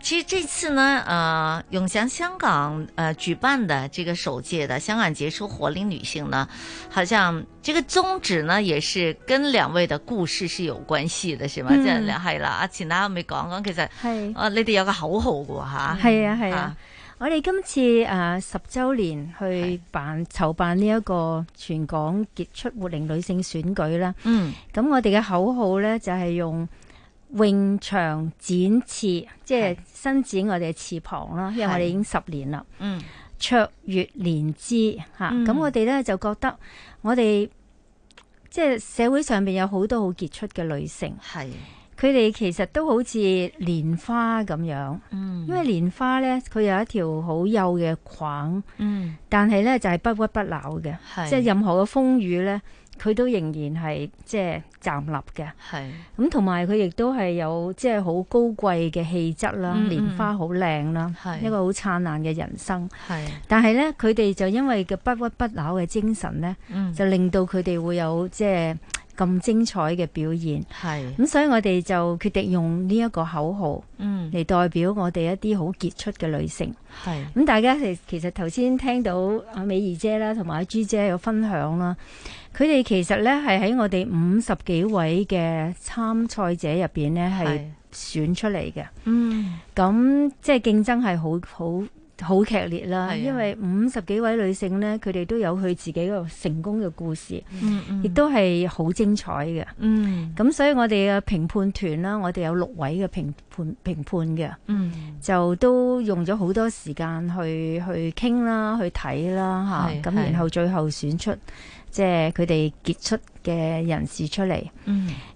F: 其實這次呢，呃，詠翔香港，呃，舉辦的這個首屆的香港傑出活齡女性呢，好像這個宗旨呢，也是跟兩位的故事是有關係的，是嗎？嗯，係啦，阿錢啊，未講講，其實係、啊，啊你哋有個口號噶吓，係啊係啊，啊，啊，我哋
K: 今次誒十、呃、周年去辦、啊、籌辦呢一個全港傑出活齡女性選舉啦，嗯，咁我哋嘅口號咧就係、是、用。詠翔展翅，即係伸展我哋嘅翅膀啦。因為我哋已經十年啦、
G: 嗯，
K: 卓越蓮枝吓，咁、嗯啊、我哋咧就覺得我們，我哋即係社會上面有好多好傑出嘅女性，係佢哋其實都好似蓮花咁樣、嗯。因為蓮花咧，佢有一條好幼嘅梗，嗯，但係咧就係、是、不屈不撓嘅，即係任何嘅風雨咧。佢都仍然係即係站立嘅，係咁，同埋佢亦都係有即係好高貴嘅氣質啦，嗯嗯，蓮花好靚啦，係一個好燦爛嘅人生。係，但係咧佢哋就因為嘅不屈不撓嘅精神咧、嗯，就令到佢哋會有即係咁精彩嘅表現。係咁、嗯，所以我哋就決定用呢一個口號，嗯，嚟代表我哋一啲好傑出嘅女性。係咁、嗯，大家其實頭先聽到阿美儀姐啦，同埋阿珠姐有分享啦。佢哋其實咧係喺我哋五十幾位嘅參賽者入邊咧係選出嚟嘅。嗯，咁即係競爭係好好好劇烈啦、啊。因為五十幾位女性咧，佢哋都有佢自己個成功嘅故事，亦、嗯嗯、都係好精彩嘅。嗯，咁所以我哋嘅評判團啦，我哋有六位嘅評判評判嘅。嗯，就都用咗好多時間去去傾啦，去睇啦嚇。咁、啊、然後最後選出即係佢哋傑出嘅人士出嚟，咁、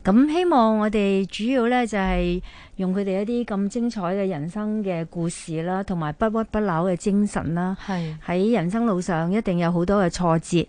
K: 嗯、希望我哋主要呢就係、是、用佢哋一啲咁精彩嘅人生嘅故事啦，同埋不屈不撓嘅精神啦，喺人生路上一定有好多嘅挫折，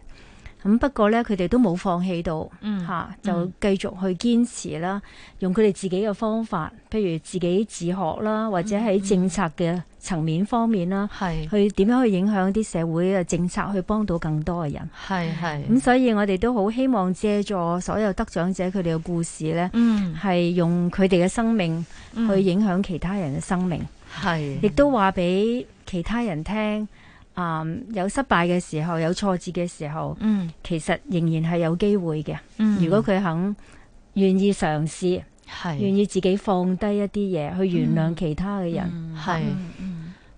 K: 咁不過呢，佢哋都冇放棄到，嚇、嗯啊、就繼續去堅持啦，用佢哋自己嘅方法，譬如自己自學啦，或者喺政策嘅、嗯。嗯層面方面啦，係去點樣去影響啲社會嘅政策，去幫到更多嘅人，係係咁，所以我哋都好希望借助所有得獎者佢哋嘅故事呢，係、嗯、用佢哋嘅生命去影響其他人嘅生命，係亦都話俾其他人聽，啊、呃、有失敗嘅時候，有挫折嘅時候，嗯，其實仍然係有機會嘅、嗯，如果佢肯願意嘗試，係願意自己放低一啲嘢去原諒其他嘅人，
F: 係、嗯。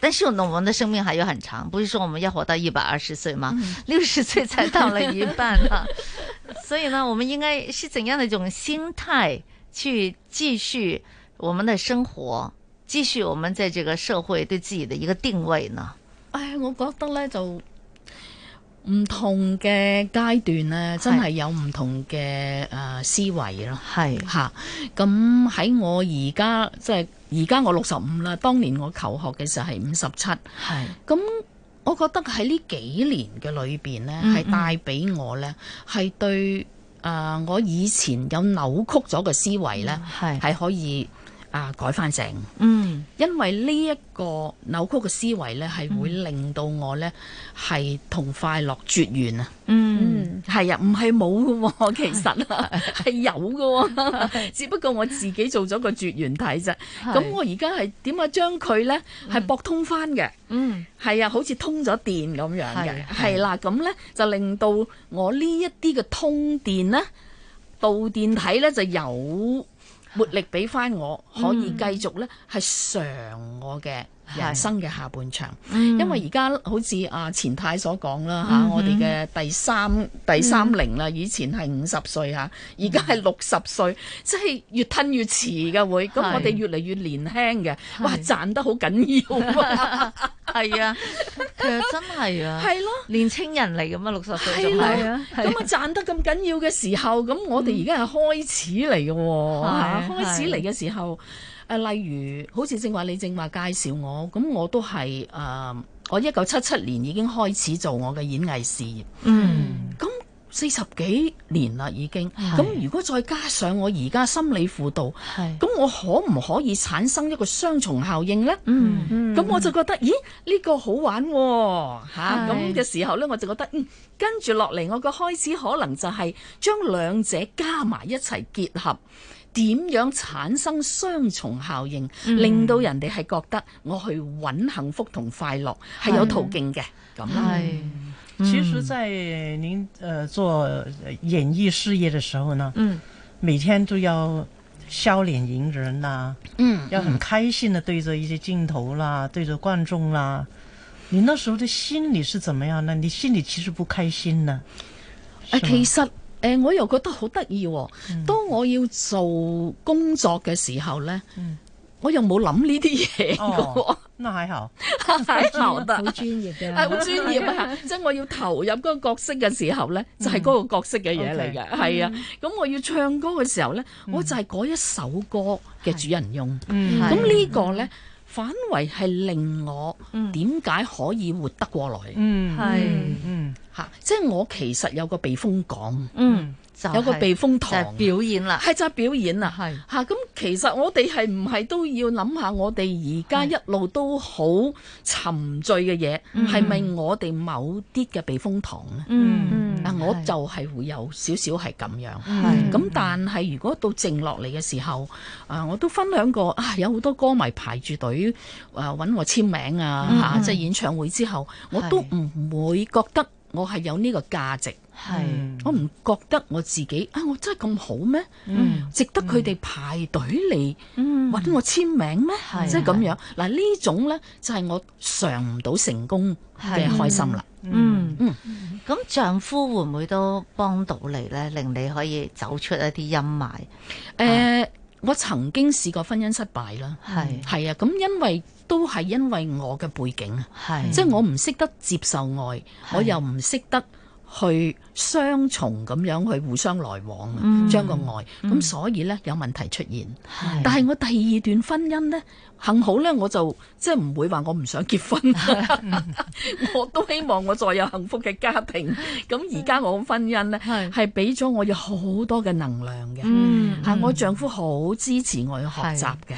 F: 但是呢，我們的生命還有很長，不是說我們要活到一百二十歲嗎？六、嗯、十歲才到了一半了 所以呢，我們應該是怎樣的一種心態去繼續我們的生活，繼續我們在這個社會對自己的一個定位呢？
J: 哎，我覺得呢，就唔同嘅階段呢，真係有唔同嘅思維咯，係吓。咁喺、啊、我而家即係。就是而家我六十五啦，當年我求學嘅時候係五十七，係咁，我覺得喺呢幾年嘅裏邊呢，係帶俾我呢，係對誒、呃、我以前有扭曲咗嘅思維呢，係係可以。啊，改翻成，嗯，因為呢一個扭曲嘅思維呢，係會令到我呢係同快樂絕緣啊。嗯，係啊，唔係冇嘅，其實係有嘅，只不過我自己做咗個絕緣體啫。咁我而家係點啊，將佢呢係駁通翻嘅。嗯，係、嗯、啊，好似通咗電咁樣嘅，係啦。咁呢、啊、就令到我呢一啲嘅通電呢，導電體呢，就有。活力俾翻我，可以繼續咧係常我嘅。嗯人生嘅下半場，嗯、因為而家好似啊前太所講啦吓，我哋嘅第三第三齡啦、嗯，以前係五十歲吓，而家係六十歲，即係越吞越遲嘅會，咁我哋越嚟越年輕嘅，哇賺得好緊要，係 啊，其實真係 啊，係咯、啊，年青人嚟噶嘛，六十歲仲係，咁啊賺、啊啊、得咁緊要嘅時候，咁、嗯、我哋而家係開始嚟嘅、啊啊啊，開始嚟嘅時候。啊、例如好似正話，你正話介紹我，咁我都係誒、呃，我一九七七年已經開始做我嘅演藝事業，嗯，咁四十幾年啦已經，咁如果再加上我而家心理輔導，咁我可唔可以產生一個雙重效應呢？嗯，咁我就覺得，咦，呢、呢個好玩喎、哦，咁嘅、啊、時候呢，我就覺得，嗯，跟住落嚟，我個開始可能就係將兩者加埋一齊結合。點樣產生雙重效應，嗯、令到人哋係覺得我去揾幸福同快樂係、嗯、有途徑嘅咁啦。其實
A: 在您誒、呃、做演藝事業嘅時候呢、嗯，每天都要笑臉迎人啦、啊嗯，要很開心地對着一些鏡頭啦，嗯、對着觀眾啦、嗯。你那時候的心理是怎麼樣呢？你心裡其實不開心呢？啊，其
J: 實。誒、呃，我又覺得好得意。當我要做工作嘅時候咧、嗯，我又冇諗呢啲嘢嘅。咁、哦、好專 業嘅，係好專業啊。業 即係我要投入嗰個角色嘅時候咧，就係、是、嗰個角色嘅嘢嚟嘅。係、嗯 okay. 啊，咁我要唱歌嘅時候咧、嗯，我就係嗰一首歌嘅主人翁。咁、嗯嗯、呢個咧。嗯反為係令我點解可以活得過來？係、嗯、嚇、嗯嗯嗯，即係我其實有個避風港。嗯就是就是、有個避風塘，就是、表演啦，係就係、表演啦。係咁、啊、其實我哋係唔係都要諗下，我哋而家一路都好沉醉嘅嘢，係咪我哋某啲嘅避風塘呢？嗯，嗯，我就係會有少少係咁樣。係咁，但係如果到靜落嚟嘅時候，啊，我都分兩個，啊，有好多歌迷排住隊啊搵我簽名啊，即、嗯、係、啊就是、演唱會之後，我都唔會覺得。我係有呢個價值，係我唔覺得我自己啊、哎，我真係咁好咩？嗯，值得佢哋排隊嚟搵我簽名咩？即係咁樣嗱，呢種呢就係我嘗唔到成功嘅開心
F: 啦。嗯嗯，咁、嗯嗯嗯、丈夫會唔會都幫到你呢？令你可以
J: 走出一啲陰霾？誒、呃啊，我曾經試過婚姻失敗啦，係係啊，咁因為。都係因為我嘅背景啊，係，即係我唔識得接受愛，我又唔識得去。雙重咁樣去互相來往，嗯、將個愛咁，所以呢、嗯，有問題出現。是但係我第二段婚姻呢，幸好呢，我就即係唔會話我唔想結婚，嗯、 我都希望我再有幸福嘅家庭。咁而家我嘅婚姻呢，係俾咗我有好多嘅能量嘅、嗯嗯，我丈夫好支持我去學習嘅，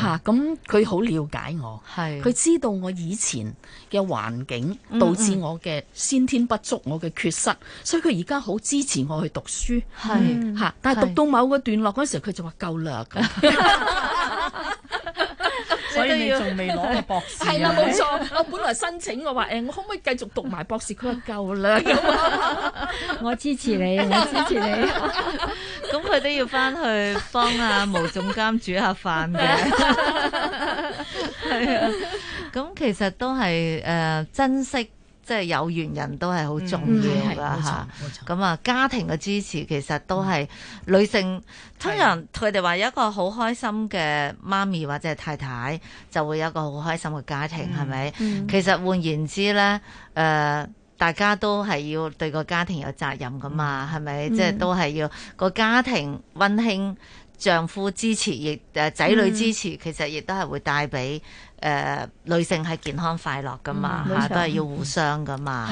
J: 嚇咁佢好了解我，佢知道我以前嘅環境、嗯、導致我嘅先天不足，嗯、我嘅缺失。所以佢而家好支持我去讀書，嚇、嗯！但係讀到某個段落嗰陣時候，佢仲話夠啦。 所以仲未攞個博士、啊？係啦，冇、啊、錯。 我本來申請我話誒、欸，我可唔可以繼續讀埋博士？佢話夠啦。
F: 我支持你，我支持你。咁 佢、 嗯、都要翻去幫阿、啊、毛總監煮下飯嘅。係 啊、 嗯，咁其實都係誒、呃、珍惜。即係有緣人都係好重要噶吓，冇錯、嗯、咁啊、冇錯，家庭嘅支持其實都係女性、嗯、通常佢哋話有一個好開心嘅媽咪或者係太太，就會有一個好開心嘅家庭，係、嗯、咪、嗯？其實換言之咧，誒、呃，大家都係要對個家庭有責任噶嘛，係、嗯、咪？即係、嗯就係、都係要個家庭温馨。丈夫支持亦誒仔女支持，其實亦都係會帶俾誒、呃、女性係健康快樂噶嘛嚇，都、嗯、係要互相噶嘛，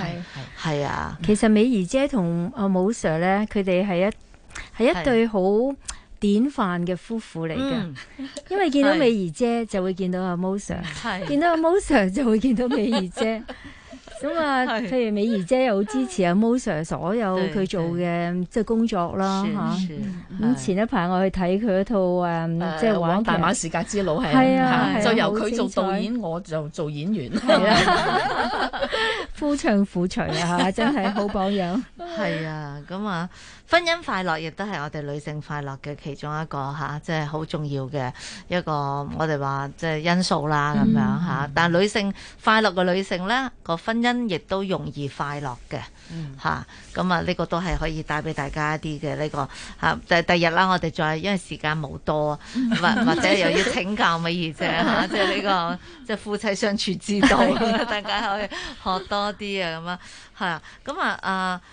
F: 係、嗯、啊。
K: 其實美兒姐同阿 Mo Sir 咧，佢哋係一係一對好典範嘅夫婦嚟噶、嗯，因為見到美兒姐就會見到阿 Mo Sir，見到阿 Mo Sir 就會見到美兒姐。咁、嗯、啊，譬如美怡姐又好支持阿 Mo Sir 所有佢做嘅即係工作啦吓，咁、嗯嗯、前一排我去睇佢嗰套誒、呃、即係《玩大馬士革之路》啊，啊，啊，就由佢做導演、啊，
J: 我就做演員。啊、
K: 夫唱婦隨 啊，真係好榜樣。
F: 係啊，咁啊。婚姻快樂亦都係我哋女性快樂嘅其中一個，即係好重要嘅一個我哋話即係因素啦，咁樣。但女性、嗯、快樂嘅女性咧，個婚姻亦都容易快樂嘅。咁啊，呢、這個都係可以帶俾大家一啲嘅呢個吓，第第日啦，我哋再，因為時間冇多，或 或者又要請教美儀姐即係呢個即係、就是、夫妻相處之道， 大家可以學多啲啊，咁啊，係啊。咁啊啊～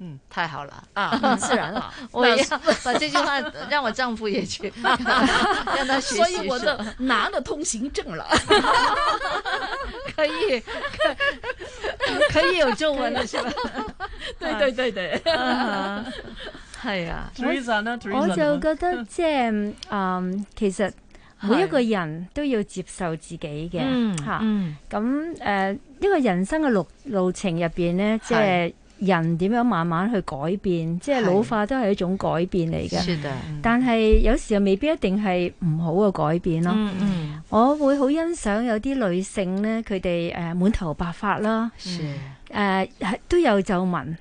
J: 嗯，太好了啊、嗯，自然了、嗯、我要把這句話
F: 讓我丈夫也去， 讓他學習，所以我就拿
J: 了通行證了 可，可以，可以有中文了，是吧？ 對對對對、啊，係、 uh、-huh, 啊，我就
K: 覺得即、就、係、是 嗯，嗯，其實每一個人都要接受自己嘅吓，咁、嗯、誒，一、啊嗯呃這個人生嘅路路程入邊呢即係。人點樣慢慢去改變，即係老化都係一種改變嚟嘅，嗯。但係有時候未必一定係唔好嘅改變咯。嗯嗯，我會好欣賞有啲女性呢，佢哋誒滿頭白髮啦，誒、呃、都有皺紋，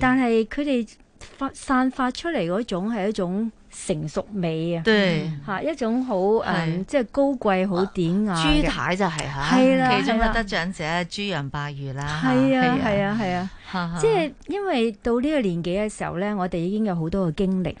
K: 但係佢哋發散發出嚟嗰種係一種。成熟美對、嗯嗯、啊，吓一種好誒，即係高貴、
F: 好典雅。朱太就係吓、啊，係啦、啊，其中一得獎者朱楊柏如啦，係啊，係啊，係
K: 啊,啊,啊,啊,啊,啊，即係因為到呢個年紀嘅時候咧，我哋已經有好多嘅經歷，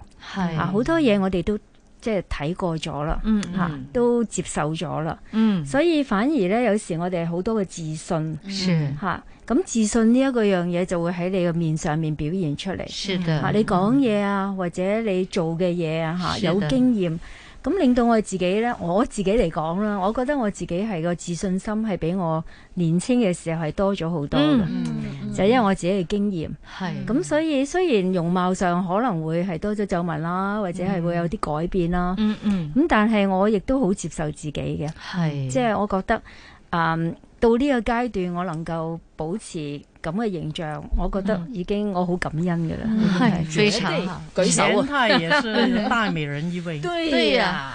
K: 啊，好多嘢我哋都即係睇過咗啦，吓、嗯嗯啊，都接受咗啦，嗯，所以反而咧，有時我哋好多嘅自信，吓。嗯啊咁自信呢一個樣嘢就會喺你嘅面上面表現出嚟。係嘅，你講嘢啊，或者你做嘅嘢啊，吓有經驗，咁令到我自己呢。我自己嚟講啦，我覺得我自己係個自信心係比我年青嘅時候係多咗好多嘅，嗯嗯嗯、就係，因為我自己嘅經驗。係咁，所以雖然容貌上可能會係多咗皺紋啦，或者係會有啲改變啦，咁、嗯嗯嗯、但係我亦都好接受自己嘅，係即係我覺得，嗯到呢個階段，我能夠保持咁嘅形象，我覺得已經、嗯、我好感恩㗎喇。係非常舉手也
F: 是大美人
A: 一位。 對呀、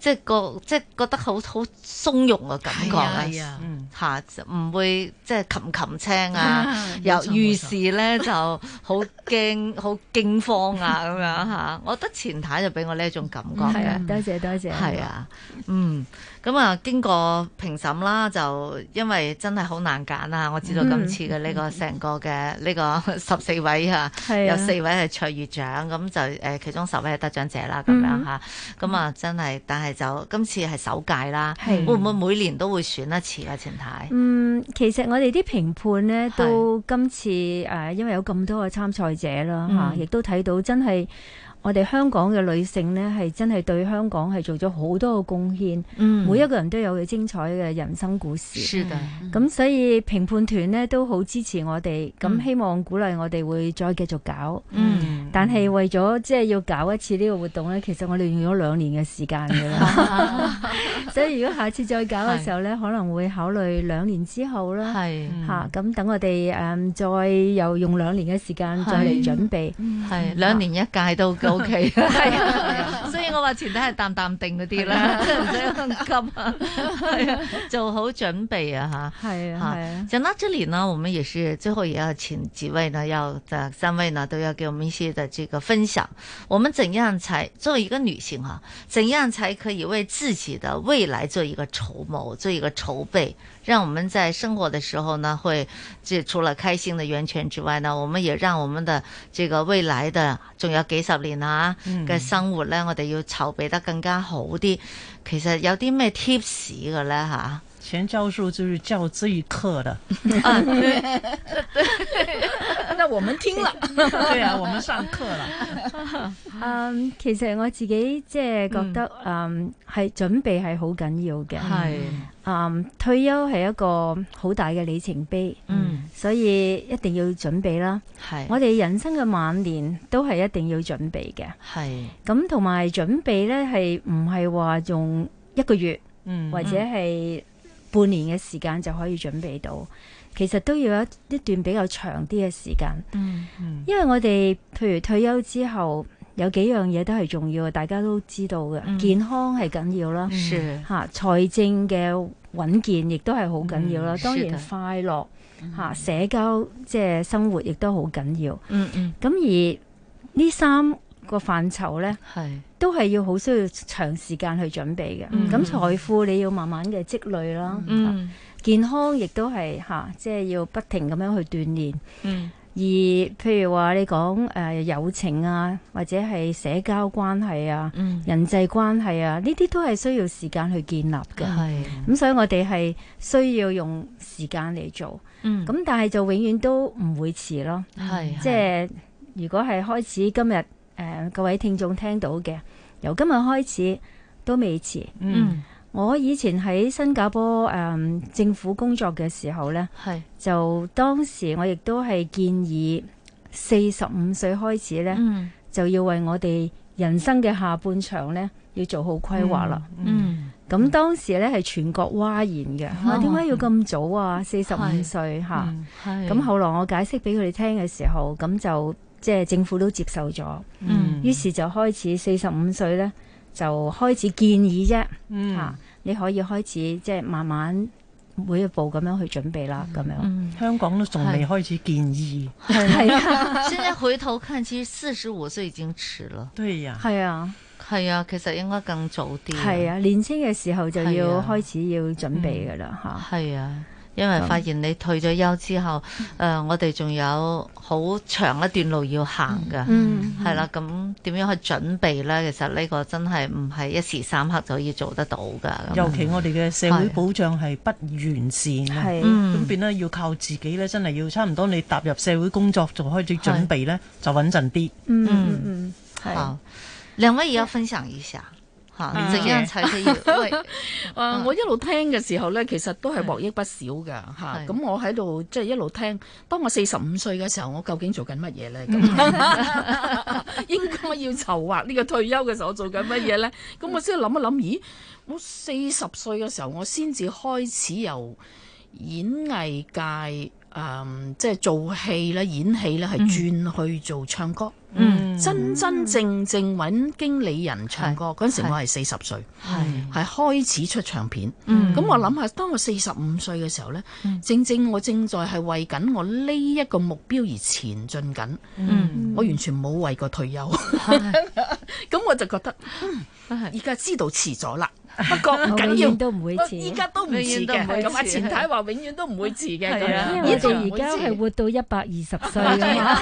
F: 即係覺即係覺得好好鬆容嘅感覺是啊，嚇、啊，唔、嗯、會即係琴琴青啊，又、啊、遇事咧就好驚好驚慌啊咁 樣吓，我覺得前排就俾我呢一種感覺係、嗯、啊，多謝多謝。係啊，嗯，咁、嗯、啊，經過評審啦，就因為真係好難揀啦、啊。我知道今次嘅呢個成個嘅呢個十四位嚇、啊嗯，有四位係卓越獎，咁、啊、就誒、呃、其中十位係得獎者啦咁、嗯、樣吓，咁啊、嗯嗯、真係，但係。就今次係首屆啦，會唔會每年都會選一次啊？陳太，
K: 嗯，其實我哋啲評判呢，到今次誒、啊，因為有咁多嘅參賽者啦，吓、嗯，亦、啊、都睇到真係。我哋香港嘅女性呢，係真係對香港係做咗好多嘅貢獻，每一個人都有佢精彩嘅人生故事。咁、嗯、所以評判團呢都好支持我哋，咁、嗯、希望鼓勵我哋會再繼續搞。嗯。嗯，但係為咗即係要搞一次呢個活動呢，其實我哋用咗兩年嘅時間㗎啦。 所以如果下次再搞嘅時候呢，可能會考慮兩年之後啦。係，吓、嗯，咁、啊、等我哋誒、嗯、再又用兩年嘅時間再嚟準備，兩、嗯嗯、年一屆都。O K，係
F: 啊， 所以我話前提係淡淡定嗰啲啦。即係唔使咁急啊，係啊，做好準備啊，吓 係 啊，係 是啊。講、 啊、到這裏呢，我們也是最後也要請幾位呢，要的三位呢，都要給我們一些的這個分享。我們怎樣才作為一個女性啊？怎樣才可以為自己的未來做一個籌謀，做一個籌備？讓我們在生活的時候呢，會，即除了開心的源泉之外呢，我們也讓我們的這個未來的重要 g 十年啊嘅生活呢，我哋要籌備得更加好啲。其實有啲咩 tips
A: 嘅呢？吓？前教授就是教這一課的，
J: 那我們聽了， 對啊，我們上課了。
K: 嗯、 um,，其實我自己即係覺得，嗯，係、嗯、準備係好緊要嘅，係，嗯、um,，退休係一個好大嘅里程碑，嗯，所以一定要準備啦。係，我哋人生嘅晚年都係一定要準備嘅，係。咁同埋準備咧，係唔係話用一個月，嗯，或者係、嗯。半年嘅時間就可以準備到，其實都要有一一段比較長啲嘅時間。嗯嗯，因為我哋譬如退休之後，有幾樣嘢都係重要嘅，大家都知道嘅、嗯，健康係緊要啦、嗯啊。是嚇財政嘅穩健的，亦都係好緊要啦。當然快樂嚇、啊嗯、社交，即係生活亦都好緊要。嗯嗯，咁而呢三個範疇呢係都係要好需要長時間去準備嘅。咁、嗯、財富你要慢慢嘅積累啦，嗯啊、健康亦都係吓，即、啊、係、就是、要不停咁樣去鍛煉、嗯。而譬如話你講誒、呃、友情啊，或者係社交關係啊，嗯、人際關係啊，呢啲都係需要時間去建立嘅。係咁，所以我哋係需要用時間嚟做。嗯，咁但係就永遠都唔會遲咯。係即係如果係開始今日。誒、呃、各位聽眾聽到嘅，由今日開始都未遲。嗯，我以前喺新加坡誒、嗯、政府工作嘅時候咧，就當時我亦都係建議四十五歲開始呢，嗯、就要為我哋人生嘅下半場呢要做好規劃啦。嗯，咁、嗯嗯、當時呢係全國譁然嘅，話點解要咁早啊？四十五歲嚇，咁、啊嗯、後來我解釋俾佢哋聽嘅時候，咁就。即係政府都接受咗，於、嗯、是就開始四十五歲呢，就開始建議啫嚇、嗯啊，你可以開始即係慢慢每一步咁樣去準備啦，咁、嗯嗯、樣。
A: 香港都仲未開始
K: 建議。係 是
F: 啊， 現在回頭看，其實四十五歲已經遲喇。對呀。係啊，係啊，啊，其實應該更早啲。係啊，年輕嘅時候就要開始要準備噶啦嚇。係啊。嗯因為發現你退咗休之後，誒、嗯呃，我哋仲有好長一段路要行噶，係、嗯、啦，咁、嗯、點、嗯、樣去準備呢？其實呢個真係唔係一時三刻就可以做得到噶。尤其我
A: 哋嘅社會保障係不完善，係、嗯、咁變得要靠自己咧，真係要差唔多你踏入社會工作，就開始準備呢，就穩陣啲。嗯嗯嗯，係，
J: 兩位要分享一下。唔、啊、 我一路聽嘅時候呢，其實都係獲益不少㗎吓。咁、啊、我喺度即係一路聽，當我四十五歲嘅時候，我究竟做緊乜嘢呢？ 應該要籌劃呢個退休嘅時， 時候，我做緊乜嘢呢？咁我先諗一諗，咦！我四十歲嘅時候，我先至開始由演藝界。誒、um，即係做戲啦，演戲咧，係轉去做唱歌。嗯，真真正正搵經理人唱歌嗰陣、嗯、時我是40，我係四十歲，係係開始出唱片。咁、嗯、我諗下，當我四十五歲嘅時候呢、嗯，正正我正在係為緊我呢一個目標而前進緊。嗯，我完全冇為過退休。咁 我就覺得，而、嗯、家知道遲咗啦。 不過唔緊要，都唔會遲。依家都唔會遲嘅，咁啊前太話永遠都唔會遲嘅。係啊，我哋而家係活到一百二十歲啊！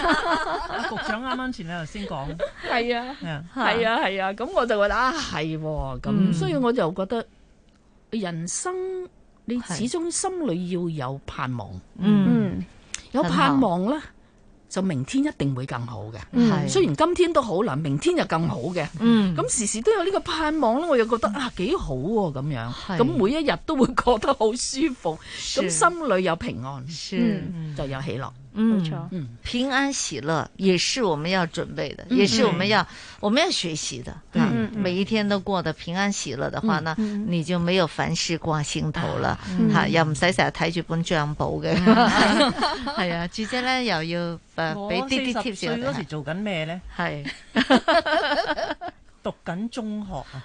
J: 局長啱啱前兩日先講，係啊，係啊，係啊，咁我就覺得，啊係，咁、嗯嗯、所以我就覺得人生你始終心裡要有盼望，
M: 嗯，有盼
J: 望啦。就明天一定會更好嘅、嗯，雖然今天都好啦，明天就更好嘅，咁、嗯、時時都有呢個盼望咧，我又覺得啊幾好喎、啊、咁樣，咁每一日都會覺得好舒服，咁心裏有平安，嗯，就有喜樂。
G: 嗯,
F: 嗯，平安喜樂也是我們要準備的，嗯、也是我們要、嗯、我們要學習的、嗯啊嗯。每一天都過得平安喜樂的話呢，呢、嗯嗯、你就沒有凡事掛心頭啦。吓，又唔使成日睇住本賬簿嘅。係啊，朱姐
A: 咧又要，畀啲貼士，我四十歲嗰時做緊咩咧？係 讀緊中學啊。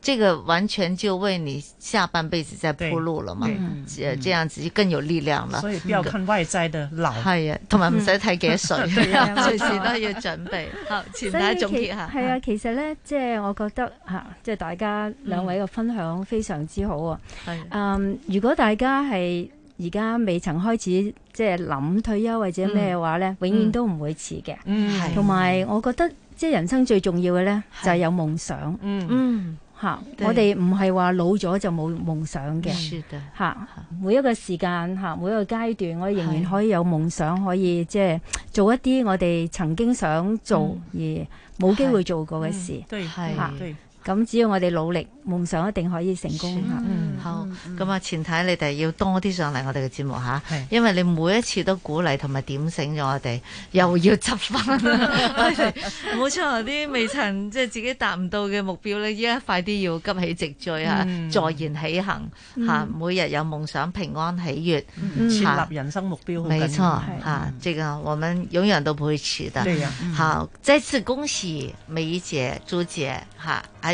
F: 這個完全就為你下半輩子再鋪路了嘛，嗯，這樣子就更有力量了。嗯嗯、所以不要看外在
A: 的老，係、這個嗯、啊，同埋唔使睇幾多歲，隨
F: 時都要準備。好，前排總結一下，係
K: 啊，其實咧，即係我覺得吓、啊，即係大家兩位嘅分享非常之好啊。嗯，嗯如果大家係而家未曾開始即係諗退休或者咩嘅話咧，永遠都唔會遲嘅。嗯，係。同、嗯、埋、嗯、我覺得即係人生最重要嘅咧，就係、是、有夢想。
G: 嗯嗯。
K: 吓，我哋唔係話老咗就冇夢想嘅，吓，每一個時間吓、嗯，每一個階段，我仍然可以有夢想，可以即係、就是、做一啲我哋曾經想做、嗯、而
F: 冇機會做過嘅事，吓。嗯，對。咁只要我哋努力，夢想一定可以成功。嗯，嗯，好。咁、嗯、啊，前提你哋要多啲上嚟我哋嘅節目吓，因為你每一次都鼓勵同埋點醒咗我哋，又要執返。冇 錯 沒錯，啲 未曾即係自己達唔到嘅目標咧，依家快啲要急起直追啊！坐、嗯、言起行吓、嗯，每日有夢想，平安喜悅，設、嗯、立人生目標。冇錯、嗯、啊，即、這、係、個、我們永遠都不會遲的，對呀。好，再、嗯、次恭喜美姐、朱姐吓，啊